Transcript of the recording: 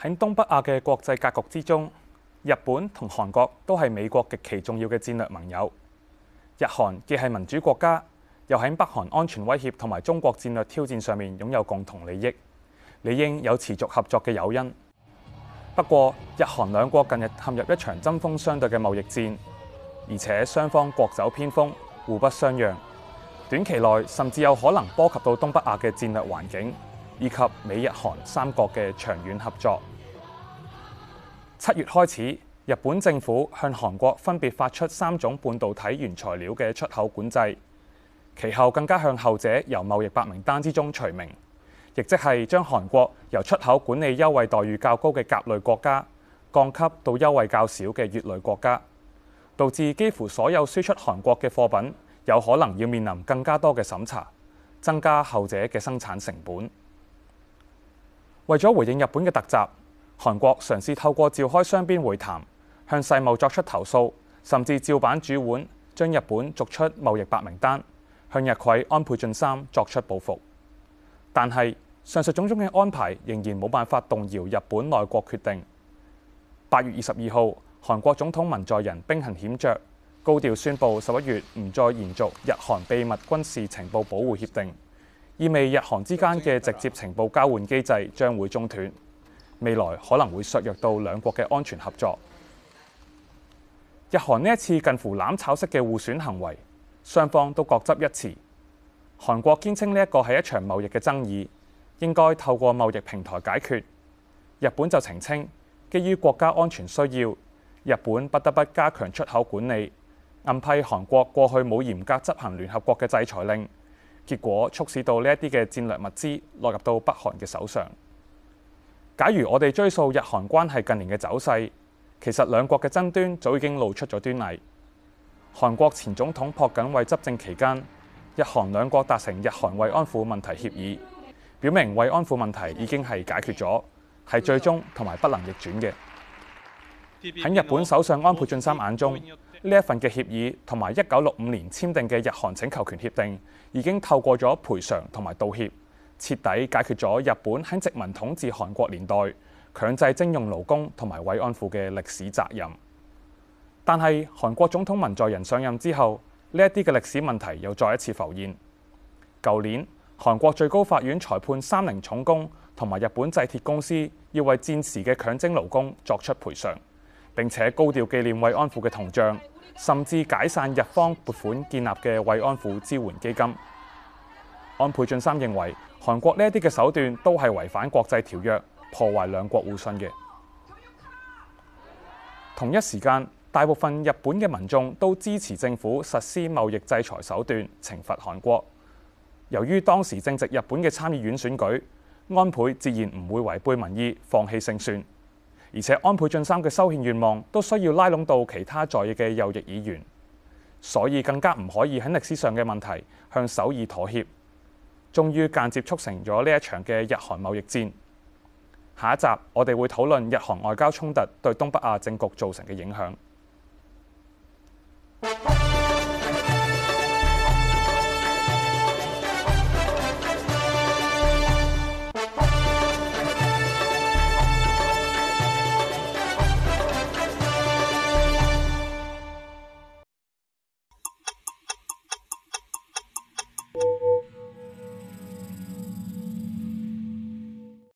喺東北亞嘅國際格局之中，日本同韓國都係美國極其重要嘅戰略盟友。日韓既係民主國家，又喺北韓安全威脅同埋中國戰略挑戰上面擁有共同利益，理應有持續合作嘅誘因。不過，日韓兩國近日陷入一場針鋒相對嘅貿易戰，而且雙方各走偏鋒，互不相讓，短期內甚至有可能波及到東北亞嘅戰略環境。以及美日韓三國嘅長遠合作。七月開始，日本政府向韓國分別發出三種半導體原材料嘅出口管制，其後更加向後者由貿易白名單之中除名，亦即係將韓國由出口管理優惠待遇較高嘅甲類國家降級到優惠較少嘅乙類國家，導致幾乎所有輸出韓國嘅貨品有可能要面臨更加多嘅審查，增加後者嘅生產成本。為咗回應日本嘅突襲，韓國嘗試透過召開雙邊會談，向世貿作出投訴，甚至照板煮碗將日本逐出貿易白名單，向日揆安倍晉三作出報復。但係上述種種嘅安排仍然冇辦法動搖日本內閣決定。八月二十二號，韓國總統文在寅兵行險著，高調宣布十一月唔再延續日韓秘密軍事情報保護協定。意味日韓之間嘅直接情報交換機制將會中斷，未來可能會削弱到兩國嘅安全合作。日韓呢一次近乎攬炒式嘅互選行為，雙方都各執一詞。韓國堅稱呢一個係一場貿易嘅爭議，應該透過貿易平台解決。日本就澄清，基於國家安全需要，日本不得不加強出口管理，暗批韓國過去冇嚴格執行聯合國嘅制裁令。結果促使到呢一啲嘅戰略物資落入到北韓嘅手上。假如我哋追溯日韓關係近年嘅走勢，其實兩國嘅爭端早已經露出咗端倪。韓國前總統朴槿惠執政期間，日韓兩國達成日韓慰安婦問題協議，表明慰安婦問題已經係解決咗，係最終同埋不能逆轉嘅。喺日本首相安倍晉三眼中，呢一份嘅協議同埋一九六五年簽訂嘅日韓請求權協定，已經透過咗賠償同埋道歉，徹底解決咗日本喺殖民統治韓國年代強制徵用勞工同埋慰安婦嘅歷史責任。但係韓國總統文在寅上任之後，呢一啲嘅歷史問題又再一次浮現。舊年韓國最高法院裁判三菱重工同埋日本製鐵公司要為戰時嘅強徵勞工作出賠償。並且高調紀念慰安婦嘅銅像，甚至解散日方撥款建立嘅慰安婦支援基金。安倍晉三認為，韓國呢一啲嘅手段都係違反國際條約，破壞兩國互信嘅。同一時間，大部分日本嘅民眾都支持政府實施貿易制裁手段，懲罰韓國。由於當時正值日本嘅參議院選舉，安倍自然唔會違背民意，放棄勝算。而且安倍晉三嘅修憲願望都需要拉攏到其他在野嘅右翼議員，所以更加唔可以喺歷史上嘅問題向首爾妥協，終於間接促成咗呢一場嘅日韓貿易戰。下一集我哋會討論日韓外交衝突對東北亞政局造成嘅影響。